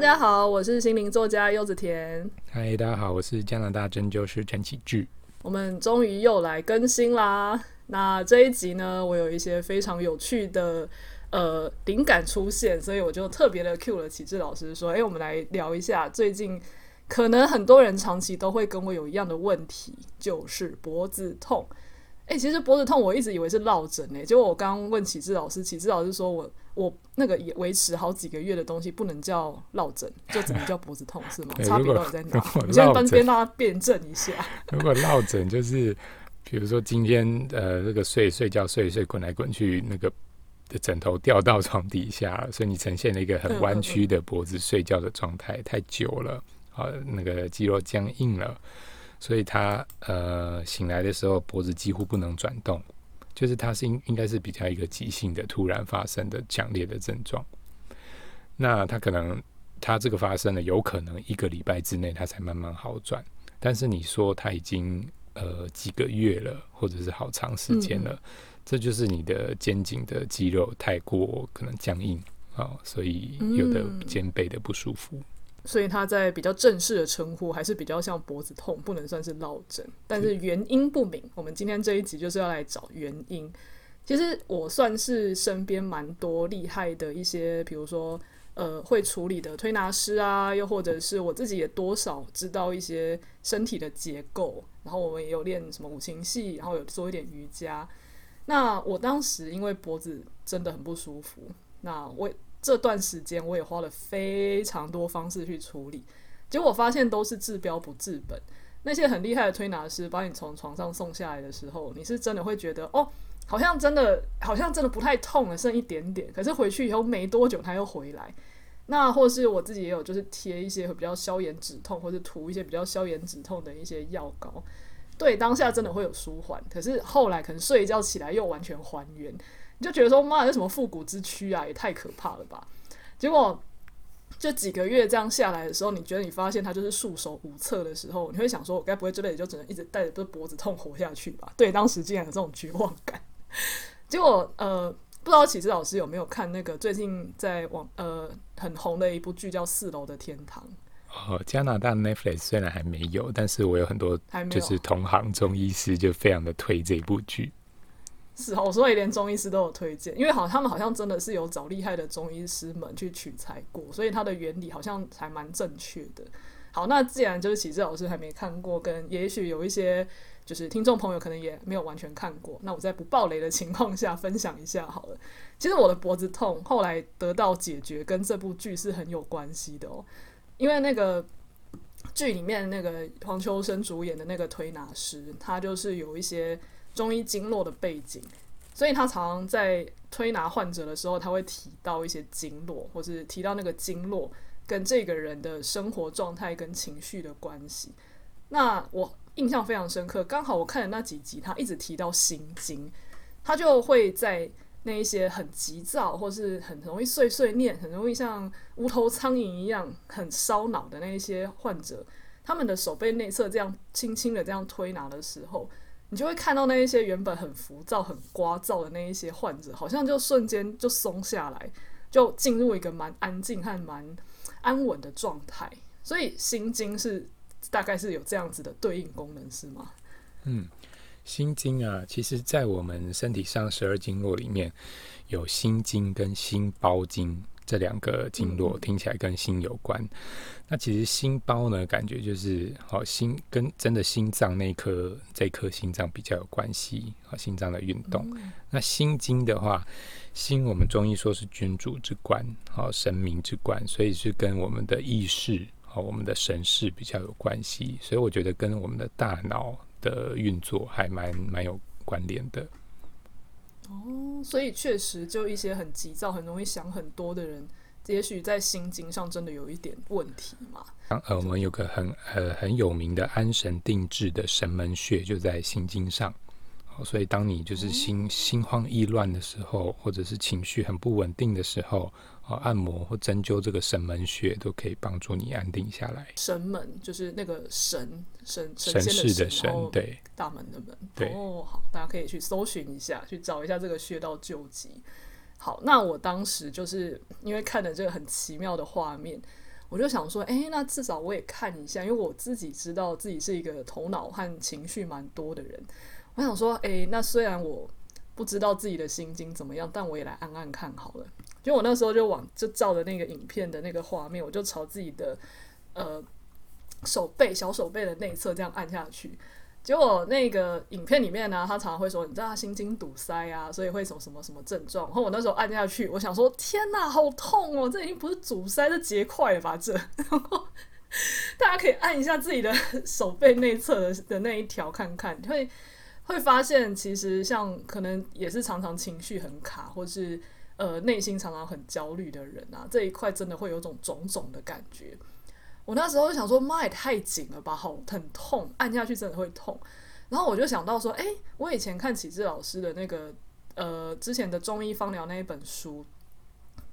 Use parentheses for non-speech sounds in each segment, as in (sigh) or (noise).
大家好，我是心靈作家柚子甜。嗨，大家好，我是加拿大針灸師陳啟志。我們終於又來更新啦！那這一集呢，我有一些非常有趣的呃靈感出現，所以我就特別的 cue 了啟志老師說：“哎、欸，我們來聊一下最近，可能很多人長期都會跟我有一樣的問題，就是脖子痛。哎、欸，其實脖子痛，我一直以為是落枕誒、欸，結果我剛問啟志老師，啟志老師說我。”我那個也維持好幾個月的東西，不能叫落枕，就只能叫脖子痛， (laughs) 對是嗎？差別到底在哪？ (laughs) 你現在單邊讓他辯證一下 (laughs) 。如果落枕就是，比如說今天呃，那個睡睡覺睡睡滾來滾去，那個枕頭掉到床底下，所以你呈現了一個很彎曲的脖子睡覺的狀態，嗯嗯、太久了好、呃，那個肌肉僵硬了，所以他呃醒來的時候脖子幾乎不能轉動。就是它是應應該是比較一個急性的突然發生的強烈的症狀，那它可能它這個發生了，有可能一個禮拜之內它才慢慢好轉，但是你說它已經呃幾個月了或者是好長時間了，嗯，這就是你的肩頸的肌肉太過可能僵硬啊，哦，所以有的肩背的不舒服。嗯所以他在比較正式的稱呼還是比較像脖子痛，不能算是落枕，但是原因不明。是我們今天這一集就是要來找原因。其實我算是身邊蠻多厲害的一些，比如說呃會處理的推拿師啊，又或者是我自己也多少知道一些身體的結構。然後我們也有練什麼五禽戲，然後有做一點瑜伽。那我當時因為脖子真的很不舒服，那我。這段時間我也花了非常多方式去處理，結果發現都是治標不治本。那些很厲害的推拿師把你從床上送下來的時候，你是真的會覺得哦，好像真的好像真的不太痛了，剩一點點。可是回去以後沒多久，它又回來。那或是我自己也有，就是貼一些比較消炎止痛，或是塗一些比較消炎止痛的一些藥膏，對，當下真的會有舒緩。可是後來可能睡一覺起來又完全還原。就覺得說，媽呀，這是什麼復古之軀啊？也太可怕了吧！結果，這幾個月這樣下來的時候，你覺得你發現他就是束手無策的時候，你會想說，我該不會這輩子就只能一直帶着這脖子痛活下去吧？對，當時竟然有這種絕望感。結果，呃，不知道啟志老師有沒有看那個最近在網呃很紅的一部劇叫《四樓的天堂》？哦，加拿大 Netflix 雖然還沒有，但是我有很多就是同行中醫師就非常的推這部劇。是好、哦，所以連中醫師都有推薦，因為好，他們好像真的是有找厲害的中醫師們去取材過，所以它的原理好像還蠻正確的。好，那既然就是啟志老師還沒看過，跟也許有一些就是聽眾朋友可能也沒有完全看過，那我在不暴雷的情況下分享一下好了。其實我的脖子痛後來得到解決，跟這部劇是很有關係的哦，因為那個劇裡面那個黃秋生主演的那個推拿師，他就是有一些。中醫經絡的背景，所以他常常在推拿患者的時候，他會提到一些經絡，或是提到那個經絡跟這個人的生活狀態跟情緒的關係。那我印象非常深刻，剛好我看的那幾集，他一直提到心經，他就會在那一些很急躁，或是很容易碎碎念，很容易像無頭蒼蠅一樣很燒腦的那一些患者，他們的手背內側這樣輕輕的這樣推拿的時候，你就會看到那一些原本很浮躁、很聒噪，的那一些患者，好像就瞬間就鬆下來，就進入一個蠻安靜和蠻安穩的狀態。所以心經是大概是有這樣子的對應功能，是嗎？嗯，心經啊，其實在我們身體上十二經絡裡面有心經跟心包經。這兩個經絡聽起來跟心有關，嗯嗯。那其實心包呢，感覺就是好、哦、心跟真的心臟那顆這顆心臟比較有關係，和、哦、心臟的運動。嗯嗯。那心經的話，心我們中醫說是君主之官，好、哦、神明之官，所以是跟我們的意識和我們的神識比較有關係。所以我覺得跟我們的大腦的運作還蠻蠻有關聯的。哦，所以確實，就一些很急躁、很容易想很多的人，也許在心經上真的有一點問題嘛。像、嗯、我們有個很呃很有名的安神定志的神門穴，就在心經上。哦、所以當你就是心、嗯、心慌意亂的時候，或者是情緒很不穩定的時候。好、哦，按摩或針灸這個神門穴都可以幫助你安定下來。神門就是那個神神神仙的神，對，大門的門。對，哦，好，大家可以去搜尋一下，去找一下這個穴道救急。好，那我當時就是因為看了這個很奇妙的畫面，我就想說，哎、欸，那至少我也看一下，因為我自己知道自己是一個頭腦和情緒蠻多的人。我想說，哎、欸，那雖然我不知道自己的心經怎麼樣，但我也來按按看好了。因為我那時候就往就照的那個影片的那個畫面，我就朝自己的呃手背小手背的內側這樣按下去。結果那個影片裡面呢、啊，他常常會說，你知道他心經堵塞啊，所以會什麼什麼什麼症狀。然後我那時候按下去，我想說，天哪、啊，好痛哦！這已經不是堵塞，是結塊了吧？這， (laughs) 大家可以按一下自己的手背內側的那一條看看，會會發現其實像可能也是常常情緒很卡，或是。呃，內心常常很焦慮的人啊，這一塊真的會有種種種的感覺。我那時候就想說，媽也太緊了吧，好，很痛，按下去真的會痛。然後我就想到說，哎、欸，我以前看啟智老師的那個呃之前的中醫芳療那一本書，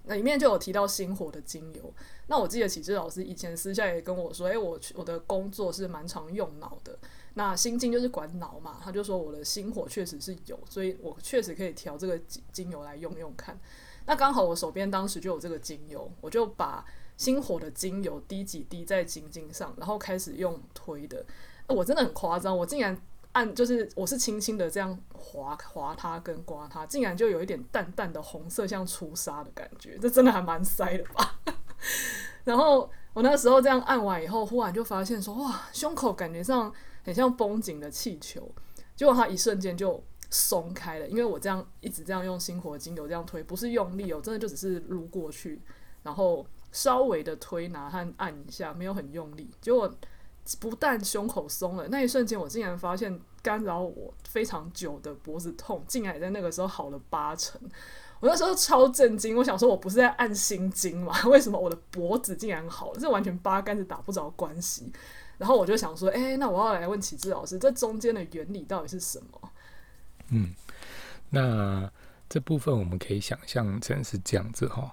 那裡面就有提到心火的精油。那我記得啟志老師以前私下也跟我說，哎、欸，我我的工作是蠻常用腦的。那心經就是管腦嘛，他就說我的心火確實是有，所以我確實可以調這個精油來用用看。那剛好我手邊當時就有這個精油，我就把心火的精油滴幾滴在頸頸上，然後開始用推的。啊、我真的很誇張，我竟然按，就是我是輕輕的這樣劃劃它跟刮它，竟然就有一點淡淡的紅色，像出痧的感覺，這真的還蠻塞的吧？ (laughs) 然後我那時候這樣按完以後，忽然就發現說哇，胸口感覺上。很像繃緊的氣球，結果它一瞬間就鬆開了。因為我這樣一直這樣用心火精油這樣推，不是用力哦，真的就只是擼過去，然後稍微的推拿和按一下，沒有很用力。結果不但胸口鬆了，那一瞬間我竟然發現干擾我非常久的脖子痛，竟然也在那個時候好了八成。我那時候超震驚，我想說我不是在按心經嗎？為什麼我的脖子竟然好了？這完全八竿子打不着關係。然後我就想說，哎，那我要來問啟志老師，這中間的原理到底是什麼？嗯，那這部分我們可以想象成是這樣子哈。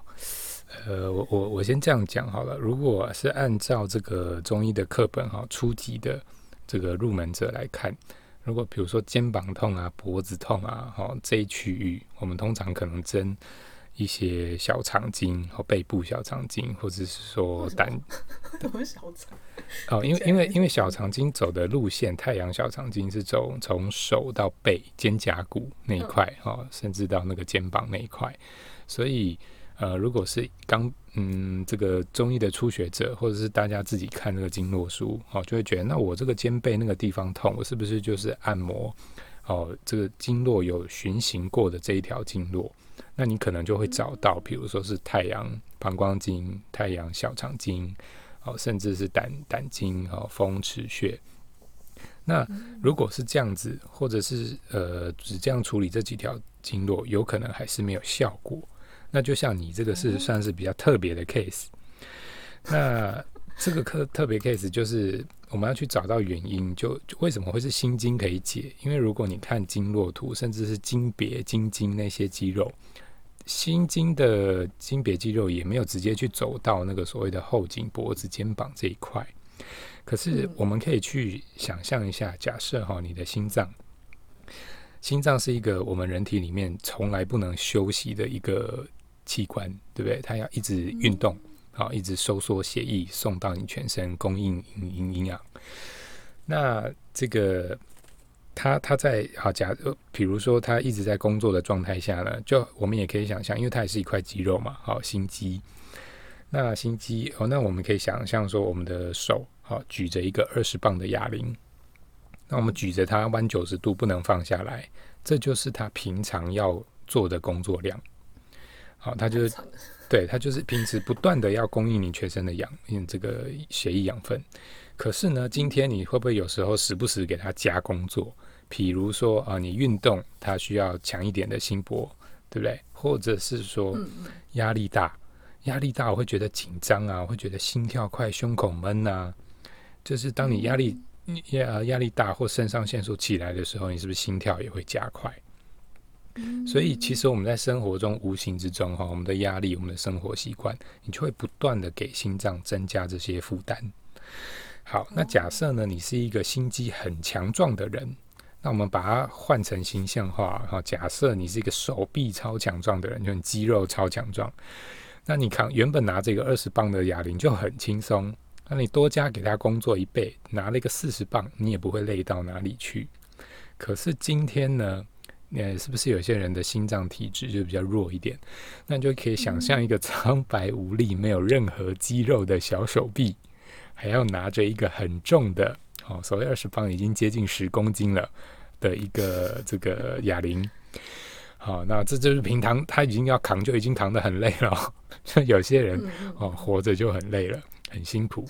呃，我我我先這樣講好了。如果是按照這個中醫的課本哈，初級的這個入門者來看，如果比如說肩膀痛啊、脖子痛啊，哈這一區域，我們通常可能針。一些小腸經和背部小腸經，或者是說膽，哦、小腸哦，因為因為因為小腸經走的路線，太陽小腸經是走從手到背，肩胛骨那一塊，嗯哦，甚至到那個肩膀那一塊，所以呃，如果是剛嗯這個中醫的初學者，或者是大家自己看那個經絡書，哦，就會覺得那我這個肩背那個地方痛，我是不是就是按摩哦這個經絡有循行過的這一條經絡？那你可能就會找到，比如說是太陽膀胱經、太陽小腸經，哦，甚至是膽膽經和、哦、風池穴。那如果是這樣子，或者是呃只這樣處理這幾條經絡，有可能還是沒有效果。那就像你這個是算是比較特別的 case。嗯、那這個特特別 case 就是我們要去找到原因就，就為什麼會是心經可以解？因為如果你看經絡圖，甚至是經別經經那些肌肉。心經的經別肌肉也沒有直接去走到那個所謂的後頸、脖子、肩膀這一塊，可是我們可以去想象一下，嗯、假設哈、哦，你的心臟，心臟是一個我們人體裡面從來不能休息的一個器官，對不對？它要一直運動，嗯、啊，一直收縮血液送到你全身供應營營養。那這個。他他在啊，假如、呃、比如說他一直在工作的狀態下呢，就我們也可以想象，因為它也是一塊肌肉嘛，好、哦、心肌。那心肌哦，那我們可以想象說，我們的手好、哦、舉着一個二十磅的啞鈴，那我們舉着它彎九十度不能放下來，這就是他平常要做的工作量。好、哦，他就是對他就是平時不斷的要供應你全身的養，嗯，這個血液養分。可是呢，今天你會不會有時候時不時給他加工作？比如說啊，你運動，它需要強一點的心搏，對不對？或者是說，壓力大，壓力大，我會覺得緊張啊，我會覺得心跳快，胸口悶啊。就是當你壓力壓壓、嗯、力大或腎上腺素起來的時候，你是不是心跳也會加快？所以，其實我們在生活中無形之中哈，我們的壓力、我們的生活習慣，你就會不斷的給心臟增加這些負擔。好，那假設呢，你是一個心肌很強壯的人。那我們把它換成形象化，好，假設你是一個手臂超強壯的人，就很肌肉超強壯。那你看，原本拿這個二十磅的啞鈴就很輕鬆。那你多加給他工作一倍，拿了一個四十磅，你也不會累到哪裡去。可是今天呢，你是不是有些人的心臟體質就比較弱一點？那你就可以想象一個蒼白無力、沒有任何肌肉的小手臂，還要拿着一個很重的，好，所謂二十磅已經接近十公斤了。的一個這個啞鈴，好，哦，那這就是平常他已經要扛，就已經扛得很累了。 (laughs) 就有些人哦，活着就很累了，很辛苦。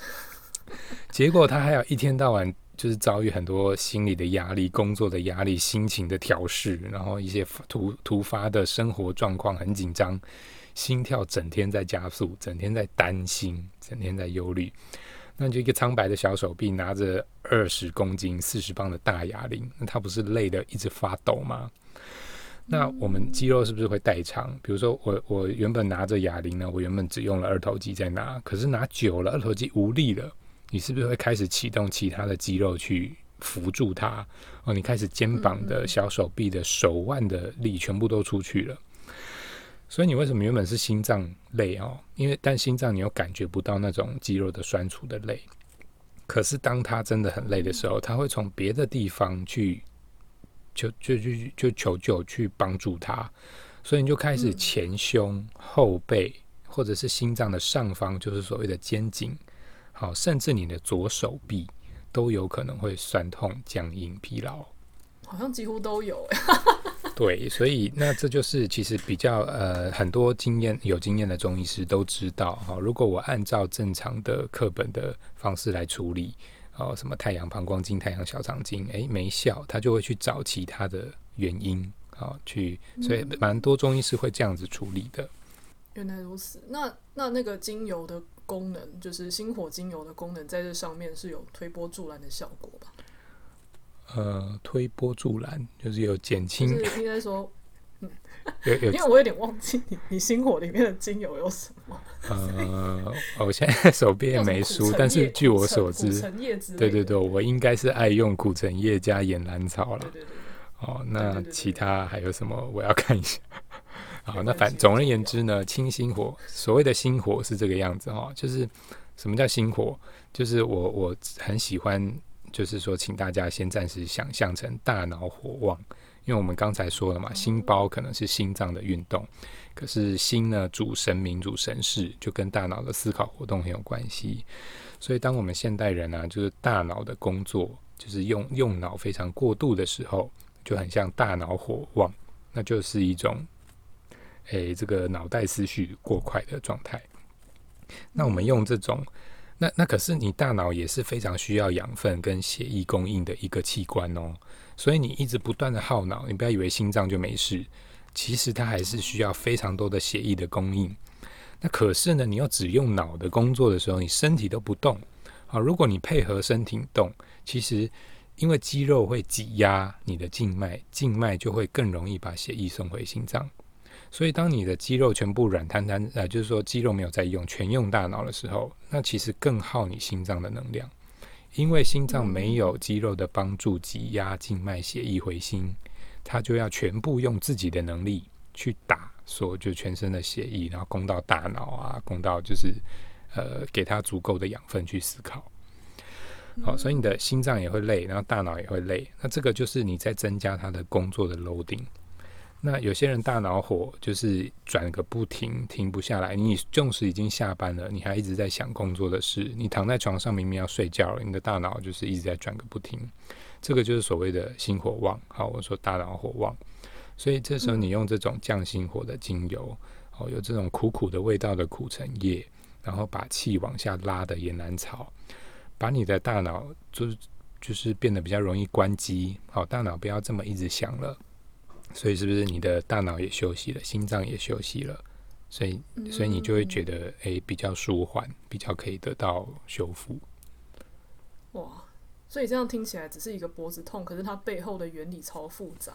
結果他還有一天到晚就是遭遇很多心理的壓力、工作的壓力、心情的調適，然後一些突突發的生活狀況很緊張，心跳整天在加速，整天在擔心，整天在憂慮。那你就一個蒼白的小手臂，拿着二十公斤、四十磅的大啞鈴，那他不是累得一直發抖嗎？那我們肌肉是不是會代償？比如說我我原本拿着啞鈴呢，我原本只用了二頭肌在拿，可是拿久了二頭肌無力了，你是不是會開始啟動其他的肌肉去扶住它？哦，你開始肩膀的小手臂的手腕的力全部都出去了。所以你為什麼原本是心臟累哦？因為但心臟你又感覺不到那種肌肉的酸楚的累，可是當他真的很累的時候，嗯、他會從別的地方去，就就就、就求救去幫助他。所以你就開始前胸後背，嗯、或者是心臟的上方，就是所謂的肩頸，好、哦，甚至你的左手臂都有可能會酸痛、僵硬、疲勞，好像幾乎都有、欸。 (laughs) 對，所以那這就是其實比較呃很多經驗有經驗的中醫師都知道哈、哦，如果我按照正常的課本的方式來處理，哦什麼太陽膀胱經、太陽小腸經，哎沒效，他就會去找其他的原因啊、哦、去，所以蠻多中醫師會這樣子處理的。原來如此，那那那個精油的功能，就是星火精油的功能，在這上面是有推波助瀾的效果吧？呃，推波助瀾就是有減輕。應該說，嗯，有有，因為我有點忘記你你心火裡面的精油有什麼。呃，我現在手邊也沒書，但是據我所知，對對對，我應該是愛用苦橙葉加岩蘭草了。哦，那其他還有什麼？我要看一下。好，那反總而言之呢，清心火。所謂的心火是這個樣子哈，就是什麼叫心火？就是我我很喜歡。就是說，請大家先暫時想象成大腦火旺，因為我們剛才說了嘛，心包可能是心臟的運動，可是心呢，主神明、主神事就跟大腦的思考活動很有關係。所以，當我們現代人呢、啊，就是大腦的工作，就是用用腦非常過度的時候，就很像大腦火旺，那就是一種，誒、欸，這個腦袋思緒過快的狀態。那我們用這種。那那可是你大腦也是非常需要養分跟血液供應的一個器官哦，所以你一直不斷的耗腦，你不要以為心臟就沒事，其實它還是需要非常多的血液的供應。那可是呢，你要只用腦的工作的時候，你身體都不動啊。如果你配合身體動，其實因為肌肉會擠壓你的靜脈，靜脈就會更容易把血液送回心臟。所以，當你的肌肉全部軟癱癱，呃，就是說肌肉沒有在用，全用大腦的時候，那其實更耗你心臟的能量，因為心臟沒有肌肉的幫助擠壓靜脈血液回心，它、嗯、就要全部用自己的能力去打，說就全身的血液，然後供到大腦啊，供到就是呃，給它足夠的養分去思考。好，所以你的心臟也會累，然後大腦也會累，那這個就是你在增加它的工作的 loading。那有些人大腦火就是轉個不停，停不下來。你縱使已經下班了，你還一直在想工作的事。你躺在床上明明要睡覺了，你的大腦就是一直在轉個不停。這個就是所謂的心火旺，好，我說大腦火旺。所以這時候你用這種降心火的精油，好，有這種苦苦的味道的苦橙葉，然後把氣往下拉的岩蘭草，把你的大腦就是就是變得比較容易關機。好，大腦不要這麼一直想了。所以是不是你的大腦也休息了，心臟也休息了？所以，所以你就會覺得，誒、嗯嗯欸，比較舒緩，比較可以得到修復。哇，所以這樣聽起來只是一個脖子痛，可是它背後的原理超複雜。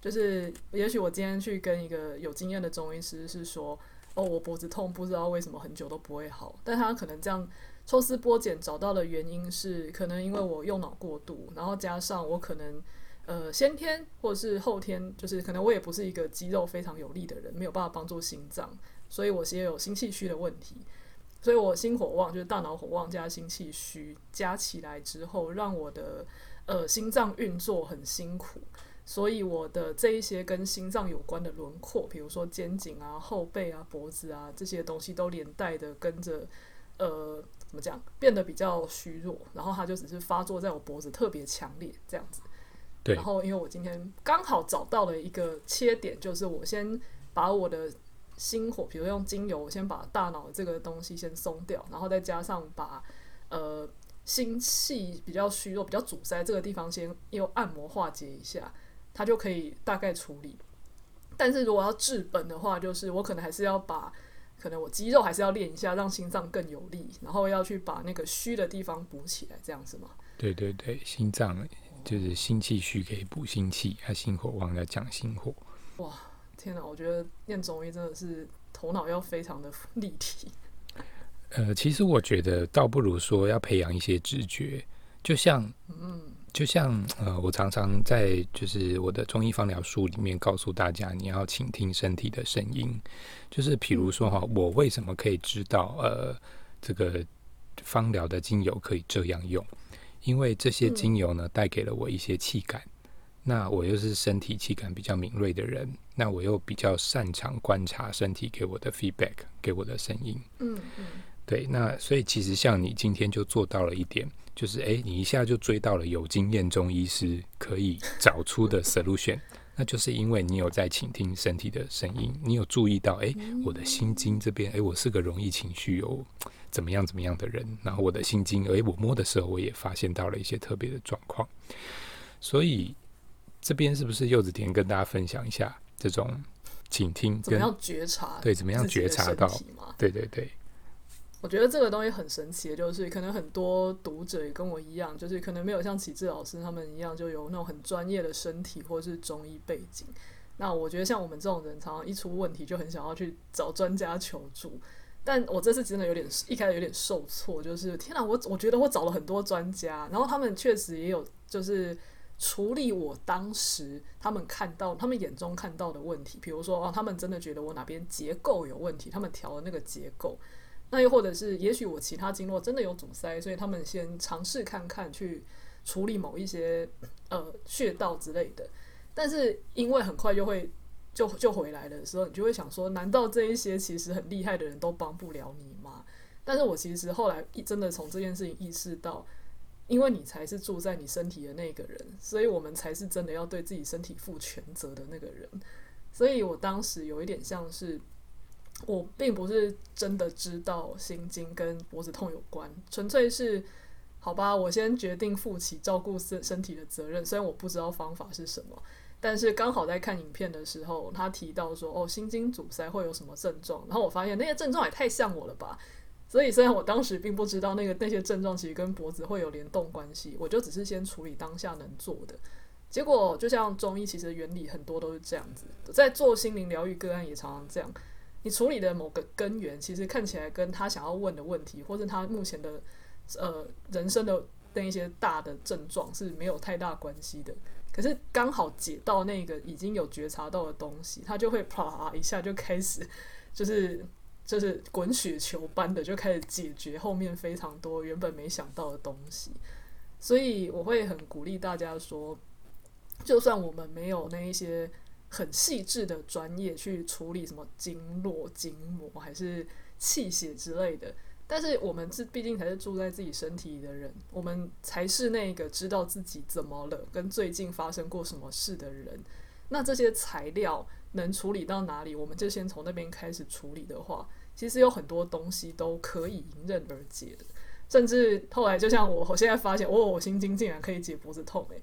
就是，也許我今天去跟一個有經驗的中醫師是說，哦，我脖子痛，不知道為什麼很久都不會好。但他可能這樣抽絲剝繭找到的原因是，可能因為我用腦過度，然後加上我可能。呃，先天或者是後天，就是可能我也不是一個肌肉非常有力的人，沒有辦法幫助心臟，所以我是也有心氣虛的問題，所以我心火旺，就是大腦火旺加心氣虛加起來之後，讓我的呃心臟運作很辛苦，所以我的這一些跟心臟有關的輪廓，比如說肩頸啊、後背啊、脖子啊這些東西，都連帶的跟着呃怎麼講變得比較虛弱，然後它就只是發作在我脖子特別強烈這樣子。然後，因為我今天剛好找到了一個切點，就是我先把我的心火，比如用精油，我先把大腦這個東西先鬆掉，然後再加上把呃心氣比較虛弱、比較阻塞這個地方先用按摩化解一下，它就可以大概處理。但是如果要治本的話，就是我可能還是要把可能我肌肉還是要練一下，讓心臟更有力，然後要去把那個虛的地方補起來，這樣子嘛。對對對，心臟。就是心氣虛可以補心氣，還心火旺要降心火。火哇，天哪！我覺得念中醫真的是頭腦要非常的立體。呃，其實我覺得倒不如說要培養一些直覺，就像嗯，就像呃，我常常在就是我的中醫芳療書裡面告訴大家，你要傾聽身體的聲音。就是比如說哈、嗯哦，我為什麼可以知道呃，這個芳療的精油可以這樣用？因為這些精油呢，帶給了我一些氣感。嗯、那我又是身體氣感比較敏銳的人，那我又比較擅長觀察身體給我的 feedback，給我的聲音。嗯嗯。對，那所以其實像你今天就做到了一點，就是哎，你一下就追到了有經驗中醫師可以找出的 solution。 (laughs) 那就是因為你有在傾聽身體的聲音，嗯、你有注意到，哎、欸，我的心經這邊，哎、欸，我是個容易情緒有、哦、怎麼樣怎麼樣的人。然後我的心經，哎、欸，我摸的時候，我也發現到了一些特別的狀況。所以這邊是不是柚子甜跟大家分享一下這種傾聽跟？怎麼樣覺察？對，怎麼樣覺察到？對對對,對。我覺得這個東西很神奇，就是可能很多讀者也跟我一樣，就是可能沒有像啟志老師他們一樣，就有那種很專業的身體或者是中醫背景。那我覺得像我們這種人，常常一出問題就很想要去找專家求助。但我這次真的有點，一開始有點受挫，就是天哪、啊，我我覺得我找了很多專家，然後他們確實也有就是處理我當時他們看到他們眼中看到的問題，比如說啊、哦，他們真的覺得我哪邊結構有問題，他們調的那個結構。那又或者是，也許我其他經絡真的有堵塞，所以他們先嘗試看看去處理某一些呃穴道之類的。但是因為很快就會就就回來的時候，你就會想說，難道這一些其實很厲害的人都幫不了你嗎？但是我其實後來真的從這件事情意識到，因為你才是住在你身體的那個人，所以我們才是真的要對自己身體負全責的那個人。所以我當時有一點像是。我並不是真的知道心經跟脖子痛有關，純粹是好吧。我先決定負起照顧身身體的責任，雖然我不知道方法是什麼，但是剛好在看影片的時候，他提到說：“哦，心經阻塞會有什麼症狀？”然後我發現那些症狀也太像我了吧。所以雖然我當時並不知道那個那些症狀其實跟脖子會有聯動關係，我就只是先處理當下能做的。結果就像中醫其實原理很多都是這樣子，在做心靈療癒個案也常常這樣。你處理的某個根源，其實看起來跟他想要問的問題，或是他目前的，呃，人生的那一些大的症狀是沒有太大關係的。可是剛好解到那個已經有覺察到的東西，他就會啪一下就開始，就是，就是就是滾雪球般的就開始解決後面非常多原本沒想到的東西。所以我會很鼓勵大家說，就算我們沒有那一些。很細緻的專業去處理什麼經絡、筋膜還是氣血之類的，但是我們是畢竟才是住在自己身體裡的人，我們才是那個知道自己怎麼了跟最近發生過什麼事的人。那這些材料能處理到哪裡，我們就先從那邊開始處理的話，其實有很多東西都可以迎刃而解的。甚至後來就像我，我現在發現，哦，我心經竟然可以解脖子痛，誒。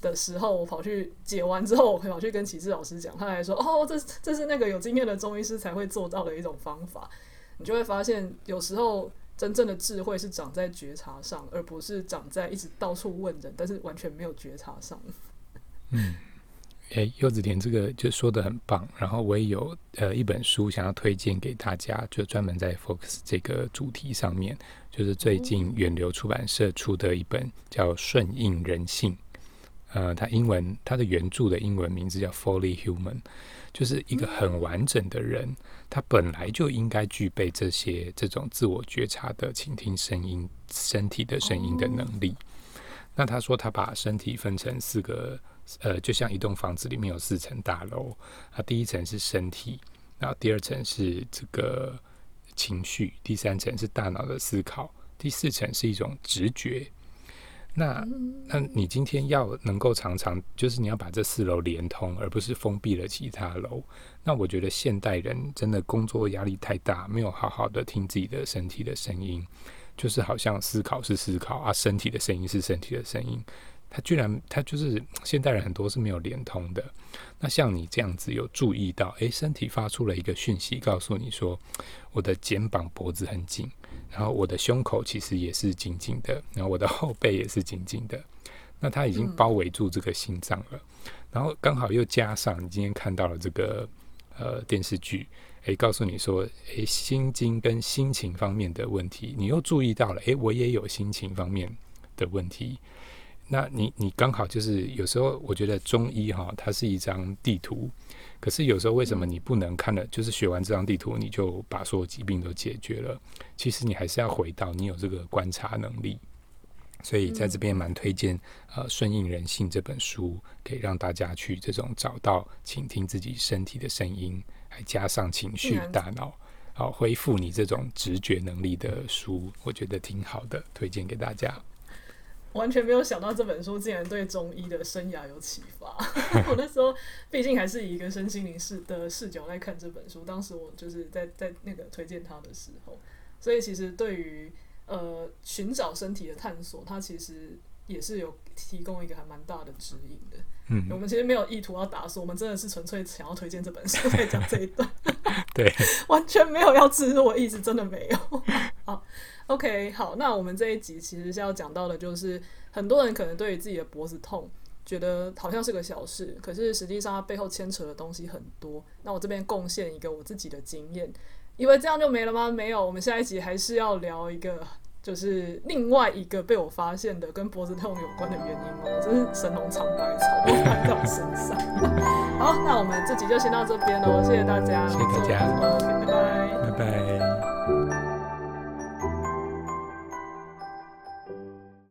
的時候，我跑去解完之後，我跑去跟啟志老師講，他還說：“哦，這是這是那個有經驗的中醫師才會做到的一種方法。”你就會發現，有時候真正的智慧是長在覺察上，而不是長在一直到處問人，但是完全沒有覺察上。嗯，誒、欸，柚子甜這個就說得很棒。然後我也有呃一本書想要推薦給大家，就專門在 focus 這個主題上面，就是最近遠流出版社出的一本叫《順應人性》。呃，他英文，他的原著的英文名字叫《Fully Human》，就是一個很完整的人，他、嗯、本來就應該具備這些這種自我覺察的、傾聽聲音、身體的聲音的能力。嗯、那他說，他把身體分成四個，呃，就像一棟房子裡面有四層大樓，那第一層是身體，然後第二層是這個情緒，第三層是大腦的思考，第四層是一種直覺。那，那你今天要能夠常常，就是你要把這四樓連通，而不是封閉了其他樓。那我覺得現代人真的工作壓力太大，沒有好好的聽自己的身體的聲音，就是好像思考是思考啊，身體的聲音是身體的聲音。他居然，他就是現代人很多是沒有連通的。那像你這樣子有注意到，哎、欸，身體發出了一個訊息，告訴你說，我的肩膀、脖子很緊，然後我的胸口其實也是緊緊的，然後我的後背也是緊緊的，那他已經包圍住這個心臟了。嗯、然後剛好又加上，你今天看到了這個呃電視劇，哎、欸，告訴你說，哎、欸，心經跟心情方面的問題，你又注意到了，哎、欸，我也有心情方面的問題。那你你剛好就是有時候，我覺得中醫哈、哦，它是一張地圖，可是有時候為什麼你不能看了？嗯、就是學完這張地圖，你就把所有疾病都解決了？其實你還是要回到你有這個觀察能力。所以在這邊蠻推薦呃，《順應人性》這本書，可以讓大家去這種找到傾聽自己身體的聲音，還加上情緒、大腦，好、嗯哦、恢復你這種直覺能力的書，我覺得挺好的，推薦給大家。完全沒有想到這本書竟然對中醫的生涯有啟發。 (laughs) 我那時候畢竟還是以一個身心靈式的視角來看這本書，當時我就是在在那個推薦他的時候，所以其實對於呃尋找身體的探索，它其實也是有提供一個還蠻大的指引的。嗯哼，我們其實沒有意圖要打書，我們真的是純粹想要推薦這本書，在講這一段。 (laughs) (laughs) 對，完全沒有要植入的意思，真的沒有。好，啊，OK，好，那我們這一集其實是要講到的，就是很多人可能對於自己的脖子痛，覺得好像是個小事，可是實際上它背後牽扯的東西很多。那我這邊貢獻一個我自己的經驗，以為這樣就沒了嗎？沒有，我們下一集還是要聊一個，就是另外一個被我發現的跟脖子痛有關的原因哦，真是神農嘗百草，我翻到身上。 (laughs) (laughs) 好，那我們這集就先到這邊了，謝謝大家，謝謝大家，拜拜。拜拜。